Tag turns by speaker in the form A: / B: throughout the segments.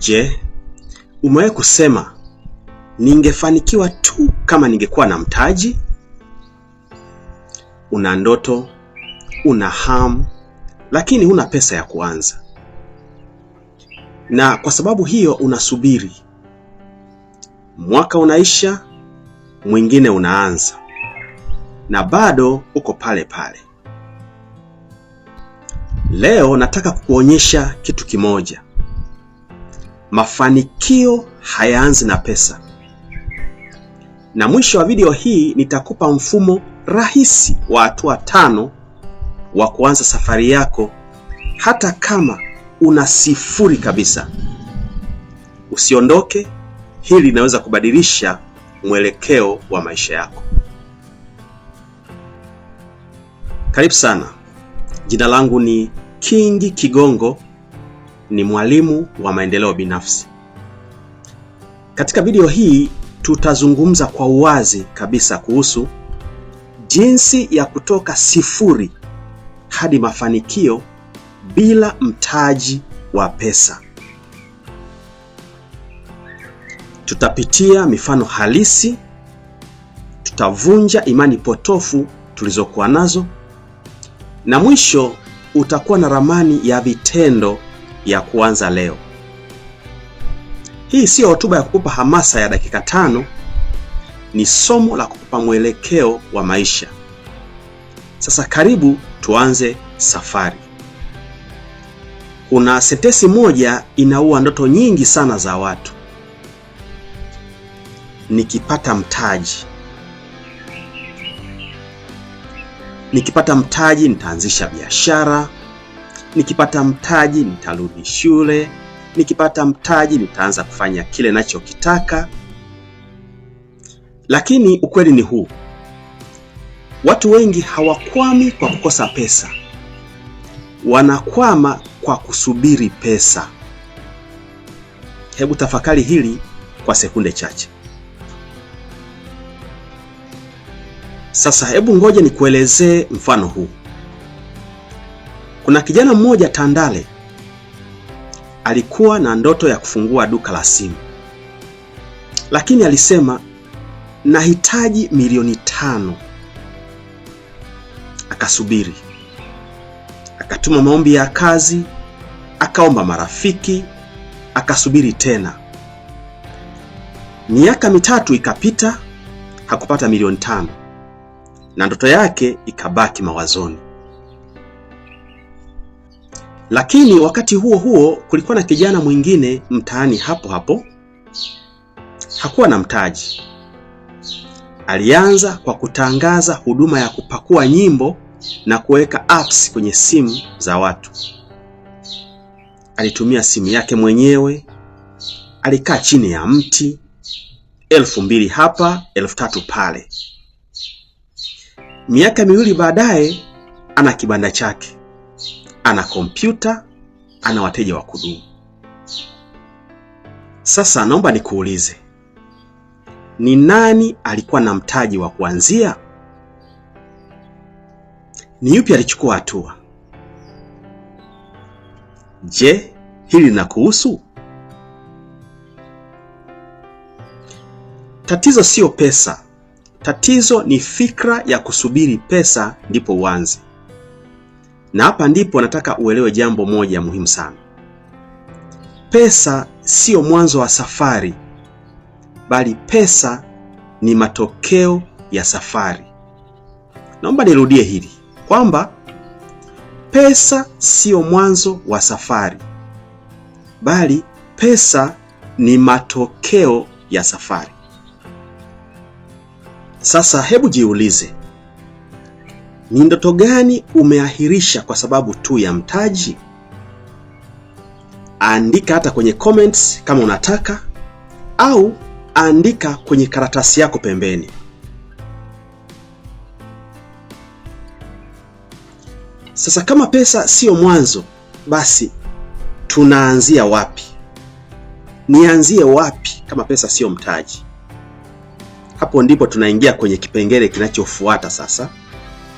A: Je, umewahi kusema ningefanikiwa tu kama ningekuwa na mtaji? Una ndoto, una ham lakini huna pesa ya kuanza, na kwa sababu hiyo unasubiri. Mwaka unaisha, mwingine unaanza, na bado uko pale pale. Leo nataka kukuonyesha kitu kimoja mafanikio hayaanzi na pesa. Na mwisho wa video hii nitakupa mfumo rahisi wa hatua tano wa kuanza safari yako hata kama una sifuri kabisa. Usiondoke, hili linaweza kubadilisha mwelekeo wa maisha yako. Karibu sana. Jina langu ni Kingi Kigongo ni mwalimu wa maendeleo binafsi. Katika video hii tutazungumza kwa uwazi kabisa kuhusu jinsi ya kutoka sifuri hadi mafanikio bila mtaji wa pesa. Tutapitia mifano halisi, tutavunja imani potofu tulizokuwa nazo, na mwisho utakuwa na ramani ya vitendo ya kuanza leo. Hii siyo hotuba ya kukupa hamasa ya dakika tano, ni somo la kukupa mwelekeo wa maisha. Sasa karibu tuanze safari. Kuna sentesi moja inaua ndoto nyingi sana za watu: nikipata mtaji, nikipata mtaji nitaanzisha biashara nikipata mtaji nitarudi shule, nikipata mtaji nitaanza kufanya kile nachokitaka. Lakini ukweli ni huu, watu wengi hawakwami kwa kukosa pesa, wanakwama kwa kusubiri pesa. Hebu tafakari hili kwa sekunde chache. Sasa hebu ngoja nikuelezee mfano huu. Kuna kijana mmoja Tandale alikuwa na ndoto ya kufungua duka la simu, lakini alisema nahitaji milioni tano. Akasubiri, akatuma maombi ya kazi, akaomba marafiki, akasubiri tena. Miaka mitatu ikapita, hakupata milioni tano, na ndoto yake ikabaki mawazoni. Lakini wakati huo huo kulikuwa na kijana mwingine mtaani hapo hapo, hakuwa na mtaji. Alianza kwa kutangaza huduma ya kupakua nyimbo na kuweka apps kwenye simu za watu. Alitumia simu yake mwenyewe, alikaa chini ya mti, elfu mbili hapa, elfu tatu pale. Miaka miwili baadaye ana kibanda chake ana kompyuta, ana wateja wa kudumu. Sasa naomba nikuulize, ni nani alikuwa na mtaji wa kuanzia? Ni yupi alichukua hatua? Je, hili linakuhusu? Tatizo siyo pesa, tatizo ni fikra ya kusubiri pesa ndipo uanze. Na hapa ndipo nataka uelewe jambo moja muhimu sana. Pesa siyo mwanzo wa safari, bali pesa ni matokeo ya safari. Naomba nirudie hili kwamba pesa siyo mwanzo wa safari, bali pesa ni matokeo ya safari. Sasa hebu jiulize, ni ndoto gani umeahirisha kwa sababu tu ya mtaji? Andika hata kwenye comments kama unataka au andika kwenye karatasi yako pembeni. Sasa kama pesa siyo mwanzo, basi tunaanzia wapi? Nianzie wapi kama pesa siyo mtaji? Hapo ndipo tunaingia kwenye kipengele kinachofuata sasa.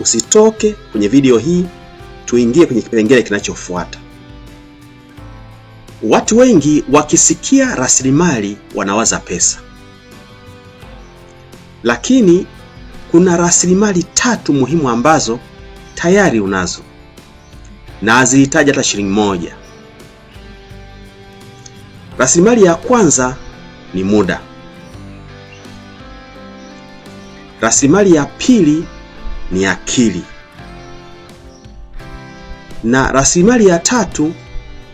A: Usitoke kwenye video hii, tuingie kwenye kipengele kinachofuata. Watu wengi wakisikia rasilimali wanawaza pesa, lakini kuna rasilimali tatu muhimu ambazo tayari unazo na hazihitaji hata shilingi moja. Rasilimali ya kwanza ni muda. Rasilimali ya pili ni akili, na rasilimali ya tatu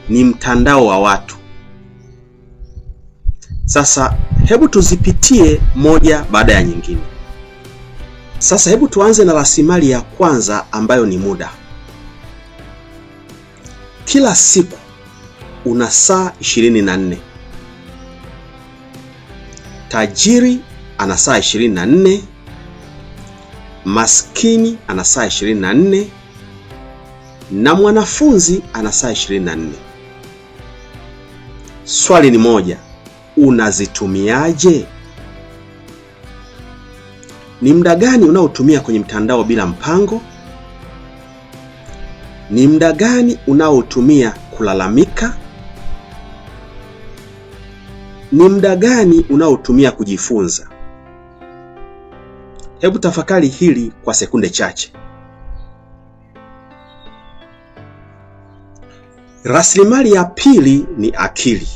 A: ni mtandao wa watu. Sasa hebu tuzipitie moja baada ya nyingine. Sasa hebu tuanze na rasilimali ya kwanza ambayo ni muda. Kila siku una saa 24. Tajiri ana saa 24 maskini ana saa 24 na mwanafunzi ana saa 24. Swali ni moja, unazitumiaje? Ni muda gani unaotumia kwenye mtandao bila mpango? Ni muda gani unaotumia kulalamika? Ni muda gani unaotumia kujifunza? Hebu tafakari hili kwa sekunde chache. Rasilimali ya pili ni akili.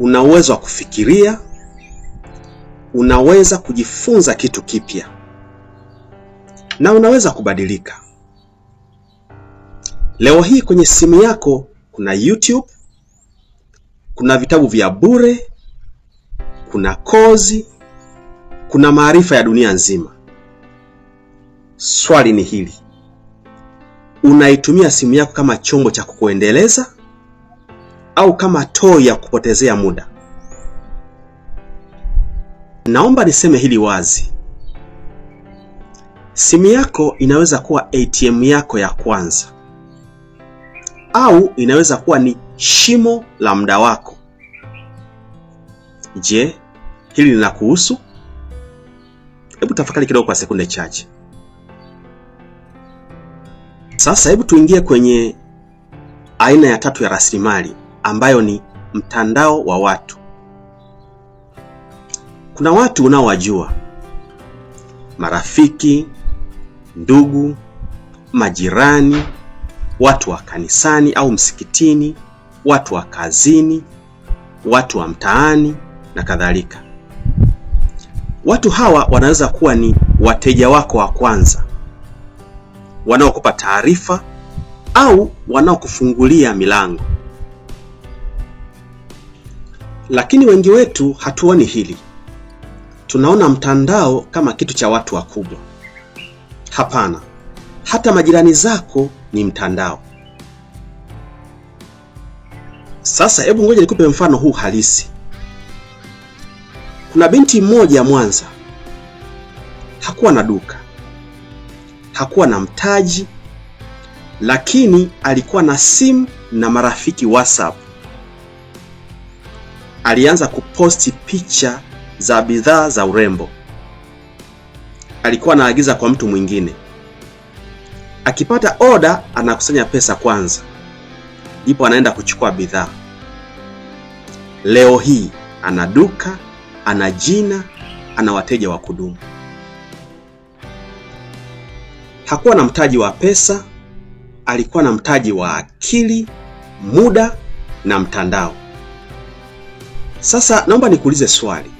A: Una uwezo wa kufikiria, unaweza kujifunza kitu kipya na unaweza kubadilika. Leo hii kwenye simu yako kuna YouTube, kuna vitabu vya bure, kuna kozi kuna maarifa ya dunia nzima. Swali ni hili, unaitumia simu yako kama chombo cha kukuendeleza au kama toi ya kupotezea muda? Naomba niseme hili wazi, simu yako inaweza kuwa ATM yako ya kwanza au inaweza kuwa ni shimo la muda wako. Je, hili linakuhusu? Hebu tafakari kidogo kwa sekunde chache. Sasa hebu tuingie kwenye aina ya tatu ya rasilimali ambayo ni mtandao wa watu. Kuna watu unaowajua, marafiki, ndugu, majirani, watu wa kanisani au msikitini, watu wa kazini, watu wa mtaani na kadhalika. Watu hawa wanaweza kuwa ni wateja wako wa kwanza, wanaokupa taarifa au wanaokufungulia milango. Lakini wengi wetu hatuoni hili. Tunaona mtandao kama kitu cha watu wakubwa. Hapana, hata majirani zako ni mtandao. Sasa hebu ngoja nikupe mfano huu halisi. Kuna binti mmoja Mwanza, hakuwa na duka, hakuwa na mtaji, lakini alikuwa na simu na marafiki WhatsApp. Alianza kuposti picha za bidhaa za urembo, alikuwa anaagiza kwa mtu mwingine. Akipata oda, anakusanya pesa kwanza, ndipo anaenda kuchukua bidhaa. Leo hii ana duka ana jina, ana wateja wa kudumu. Hakuwa na mtaji wa pesa, alikuwa na mtaji wa akili, muda na mtandao. Sasa naomba nikuulize swali,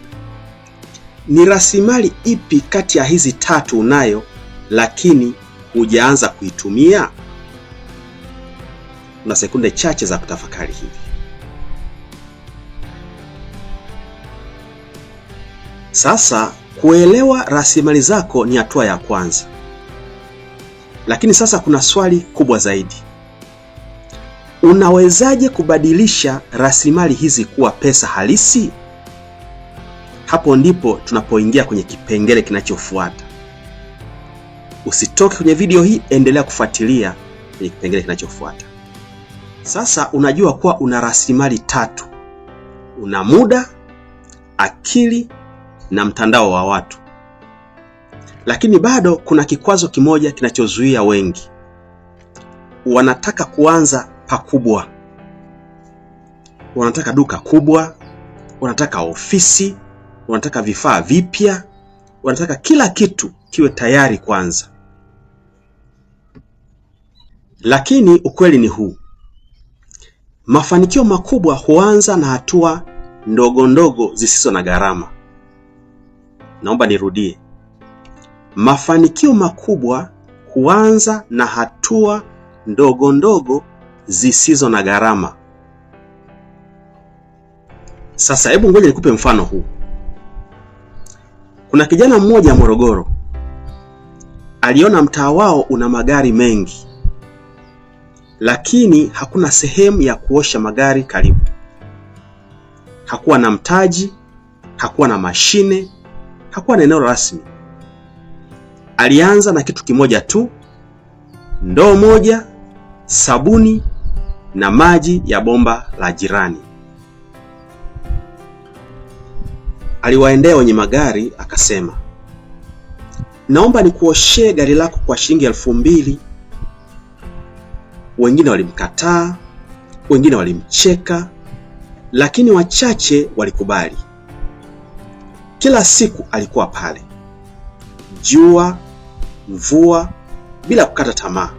A: ni rasilimali ipi kati ya hizi tatu unayo lakini hujaanza kuitumia? Una sekunde chache za kutafakari hivi. Sasa kuelewa rasilimali zako ni hatua ya kwanza, lakini sasa kuna swali kubwa zaidi. Unawezaje kubadilisha rasilimali hizi kuwa pesa halisi? Hapo ndipo tunapoingia kwenye kipengele kinachofuata. Usitoke kwenye video hii, endelea kufuatilia kwenye kipengele kinachofuata. Sasa unajua kuwa una rasilimali tatu: una muda, akili na mtandao wa watu, lakini bado kuna kikwazo kimoja kinachozuia wengi. Wanataka kuanza pakubwa, wanataka duka kubwa, wanataka ofisi, wanataka vifaa vipya, wanataka kila kitu kiwe tayari kwanza. Lakini ukweli ni huu: mafanikio makubwa huanza na hatua ndogo ndogo zisizo na gharama. Naomba nirudie. Mafanikio makubwa huanza na hatua ndogo ndogo zisizo na gharama. Sasa hebu ngoja nikupe mfano huu. Kuna kijana mmoja Morogoro aliona mtaa wao una magari mengi, lakini hakuna sehemu ya kuosha magari karibu. Hakuwa na mtaji, hakuwa na mashine hakuwa na eneo rasmi. Alianza na kitu kimoja tu, ndoo moja, sabuni na maji ya bomba la jirani. Aliwaendea wenye magari akasema, naomba nikuoshee gari lako kwa shilingi elfu mbili. Wengine walimkataa, wengine walimcheka, lakini wachache walikubali. Kila siku alikuwa pale, jua, mvua, bila kukata tamaa.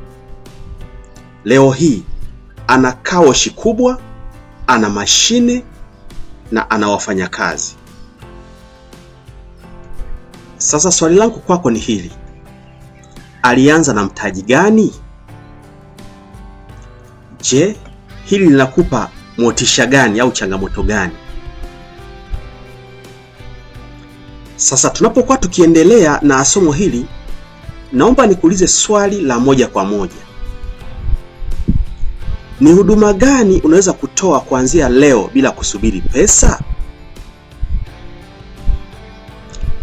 A: Leo hii ana kaoshi kubwa, ana mashine na ana wafanyakazi. Sasa swali langu kwako ni hili: alianza na mtaji gani? Je, hili linakupa motisha gani au changamoto gani? Sasa tunapokuwa tukiendelea na somo hili, naomba nikuulize swali la moja kwa moja. Ni huduma gani unaweza kutoa kuanzia leo bila kusubiri pesa?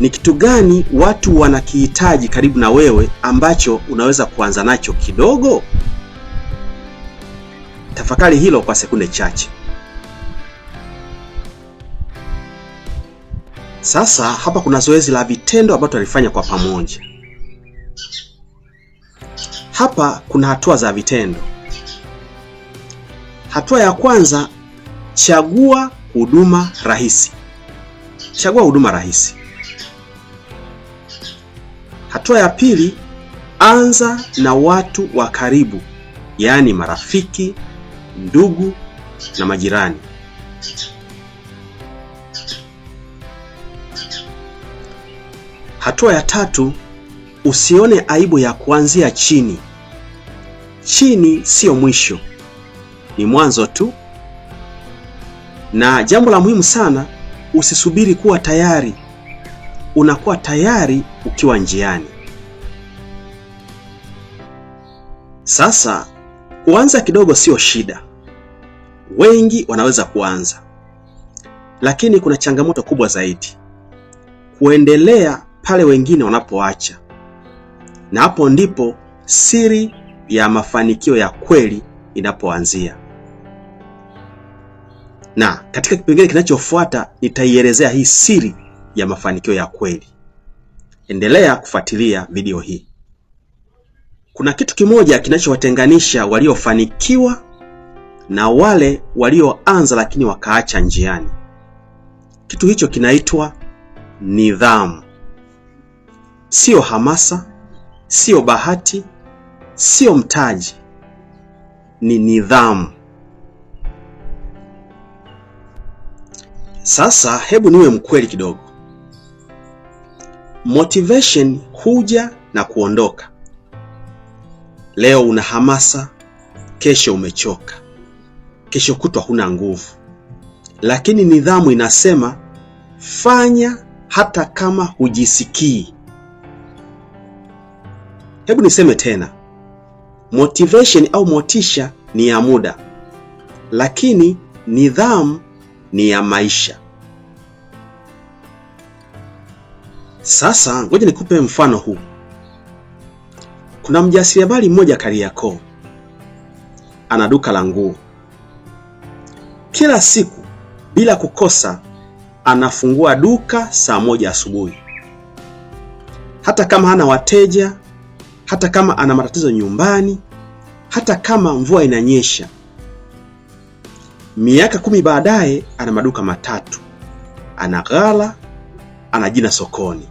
A: Ni kitu gani watu wanakihitaji karibu na wewe ambacho unaweza kuanza nacho kidogo? Tafakari hilo kwa sekunde chache. Sasa hapa kuna zoezi la vitendo ambalo tulifanya kwa pamoja. Hapa kuna hatua za vitendo. Hatua ya kwanza, chagua huduma rahisi. Chagua huduma rahisi. Hatua ya pili, anza na watu wa karibu, yaani marafiki, ndugu na majirani. Hatua ya tatu, usione aibu ya kuanzia chini. Chini siyo mwisho, ni mwanzo tu. Na jambo la muhimu sana, usisubiri kuwa tayari. Unakuwa tayari ukiwa njiani. Sasa kuanza kidogo sio shida, wengi wanaweza kuanza, lakini kuna changamoto kubwa zaidi: kuendelea pale wengine wanapoacha, na hapo ndipo siri ya mafanikio ya kweli inapoanzia. Na katika kipengele kinachofuata nitaielezea hii siri ya mafanikio ya kweli. Endelea kufuatilia video hii. Kuna kitu kimoja kinachowatenganisha waliofanikiwa na wale walioanza lakini wakaacha njiani. Kitu hicho kinaitwa nidhamu. Sio hamasa, sio bahati, sio mtaji, ni nidhamu. Sasa hebu niwe mkweli kidogo. Motivation huja na kuondoka. Leo una hamasa, kesho umechoka, kesho kutwa huna nguvu, lakini nidhamu inasema fanya hata kama hujisikii. Hebu niseme tena, motivation au motisha ni ya muda, lakini nidhamu ni ya maisha. Sasa ngoja nikupe mfano huu. Kuna mjasiriamali mmoja Kariakoo, ana duka la nguo. Kila siku bila kukosa anafungua duka saa moja asubuhi, hata kama hana wateja hata kama ana matatizo nyumbani, hata kama mvua inanyesha. Miaka kumi baadaye ana maduka matatu, ana ghala, ana jina sokoni.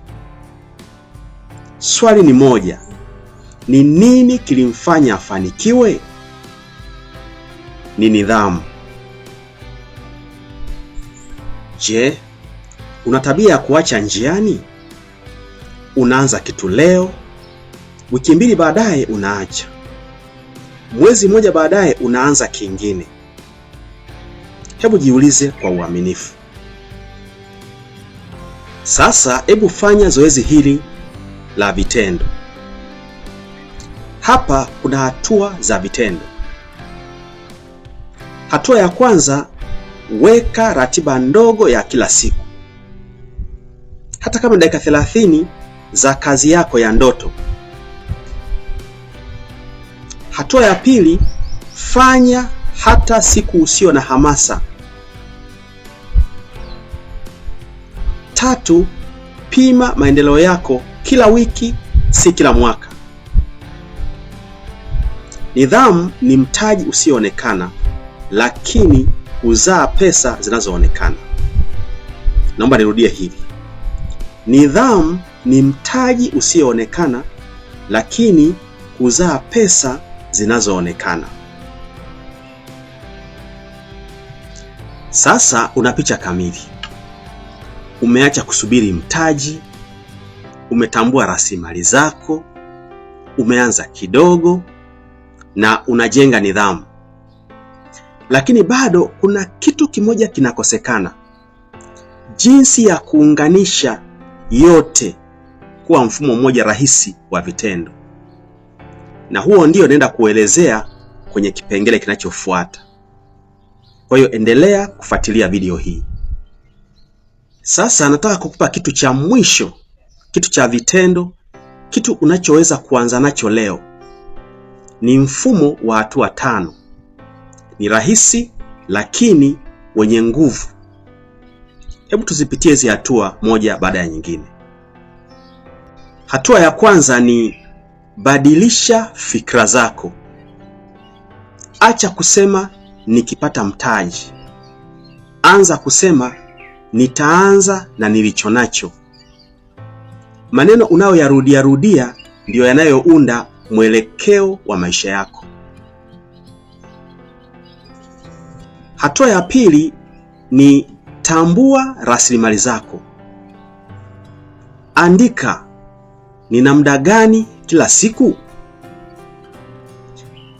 A: Swali ni moja, ni nini kilimfanya afanikiwe? Ni nidhamu. Je, una tabia ya kuacha njiani? Unaanza kitu leo wiki mbili baadaye unaacha, mwezi mmoja baadaye unaanza kingine. Hebu jiulize kwa uaminifu. Sasa hebu fanya zoezi hili la vitendo. Hapa kuna hatua za vitendo. Hatua ya kwanza, weka ratiba ndogo ya kila siku, hata kama dakika 30 za kazi yako ya ndoto. Hatua ya pili, fanya hata siku usio na hamasa. Tatu, pima maendeleo yako kila wiki, si kila mwaka. Nidhamu ni mtaji usioonekana, lakini huzaa pesa zinazoonekana. Naomba nirudie hivi: nidhamu ni mtaji usioonekana, lakini huzaa pesa zinazoonekana. Sasa una picha kamili, umeacha kusubiri mtaji, umetambua rasilimali zako, umeanza kidogo na unajenga nidhamu. Lakini bado kuna kitu kimoja kinakosekana: jinsi ya kuunganisha yote kuwa mfumo mmoja rahisi wa vitendo na huo ndio naenda kuelezea kwenye kipengele kinachofuata. Kwa hiyo endelea kufuatilia video hii. Sasa nataka kukupa kitu cha mwisho, kitu cha vitendo, kitu unachoweza kuanza nacho leo. Ni mfumo wa hatua tano. Ni rahisi lakini wenye nguvu. Hebu tuzipitie hizi hatua moja baada ya nyingine. Hatua ya kwanza ni Badilisha fikra zako. Acha kusema nikipata mtaji, anza kusema nitaanza na nilicho nacho. Maneno unayoyarudia rudia ndiyo yanayounda mwelekeo wa maisha yako. Hatua ya pili ni tambua rasilimali zako. Andika Nina muda gani kila siku?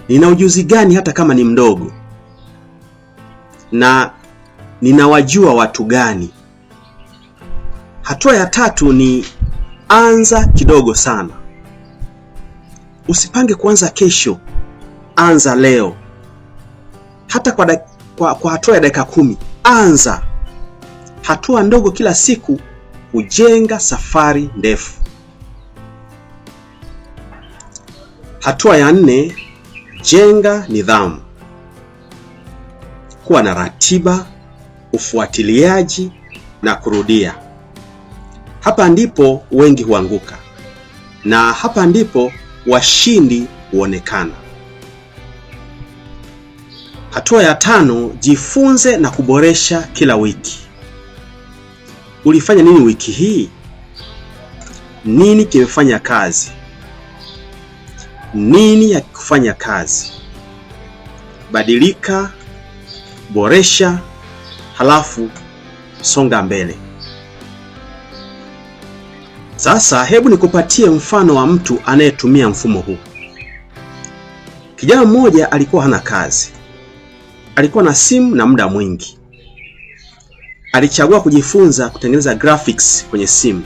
A: Nina ujuzi gani hata kama ni mdogo? Na ninawajua watu gani? Hatua ya tatu ni anza kidogo sana. Usipange kuanza kesho, anza leo. Hata kwa, da, kwa, kwa hatua ya dakika kumi, anza. Hatua ndogo kila siku hujenga safari ndefu. Hatua ya nne, jenga nidhamu. Kuwa na ratiba, ufuatiliaji na kurudia. Hapa ndipo wengi huanguka na hapa ndipo washindi huonekana. Hatua ya tano, jifunze na kuboresha kila wiki. Ulifanya nini wiki hii? Nini kimefanya kazi? nini ya kufanya kazi. Badilika, boresha, halafu songa mbele. Sasa hebu nikupatie mfano wa mtu anayetumia mfumo huu. Kijana mmoja alikuwa hana kazi, alikuwa na simu na muda mwingi. Alichagua kujifunza kutengeneza graphics kwenye simu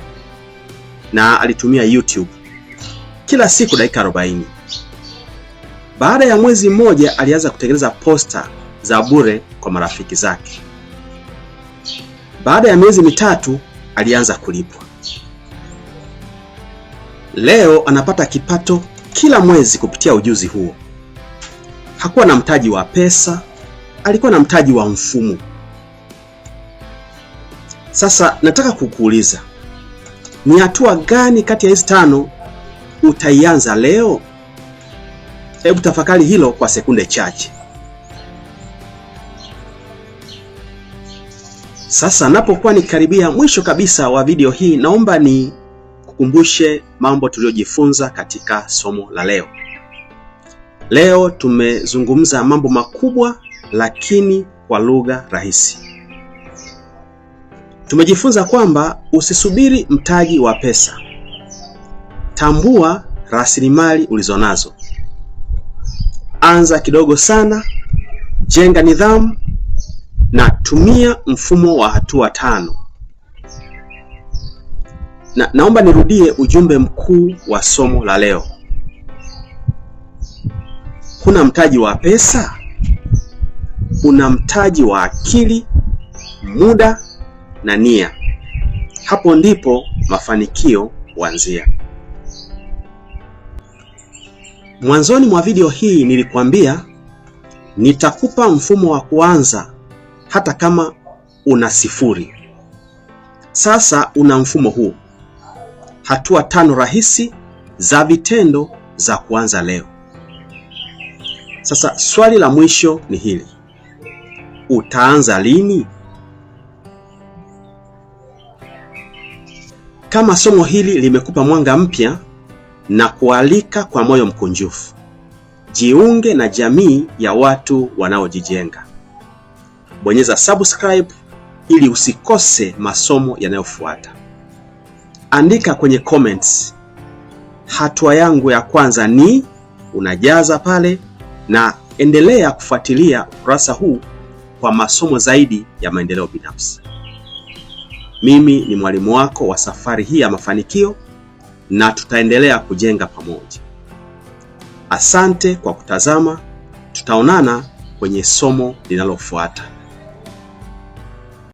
A: na alitumia YouTube kila siku dakika baada ya mwezi mmoja, alianza kutengeneza posta za bure kwa marafiki zake. Baada ya miezi mitatu, alianza kulipwa. Leo anapata kipato kila mwezi kupitia ujuzi huo. Hakuwa na mtaji wa pesa, alikuwa na mtaji wa mfumo. Sasa nataka kukuuliza, ni hatua gani kati ya hizi tano utaianza leo? Hebu tafakari hilo kwa sekunde chache. Sasa napokuwa nikaribia mwisho kabisa wa video hii, naomba ni kukumbushe mambo tuliyojifunza katika somo la leo. Leo tumezungumza mambo makubwa lakini kwa lugha rahisi. Tumejifunza kwamba usisubiri mtaji wa pesa, tambua rasilimali ulizonazo anza kidogo sana, jenga nidhamu na tumia mfumo wa hatua tano. Na naomba nirudie ujumbe mkuu wa somo la leo. Huna mtaji wa pesa, una mtaji wa akili, muda na nia. Hapo ndipo mafanikio huanzia. Mwanzoni mwa video hii nilikuambia nitakupa mfumo wa kuanza hata kama una sifuri. Sasa una mfumo huu. Hatua tano rahisi za vitendo za kuanza leo. Sasa swali la mwisho ni hili. Utaanza lini? Kama somo hili limekupa mwanga mpya na kualika kwa moyo mkunjufu. Jiunge na jamii ya watu wanaojijenga. Bonyeza subscribe ili usikose masomo yanayofuata. Andika kwenye comments hatua yangu ya kwanza ni, unajaza pale, na endelea kufuatilia ukurasa huu kwa masomo zaidi ya maendeleo binafsi. Mimi ni mwalimu wako wa safari hii ya mafanikio na tutaendelea kujenga pamoja. Asante kwa kutazama, tutaonana kwenye somo linalofuata.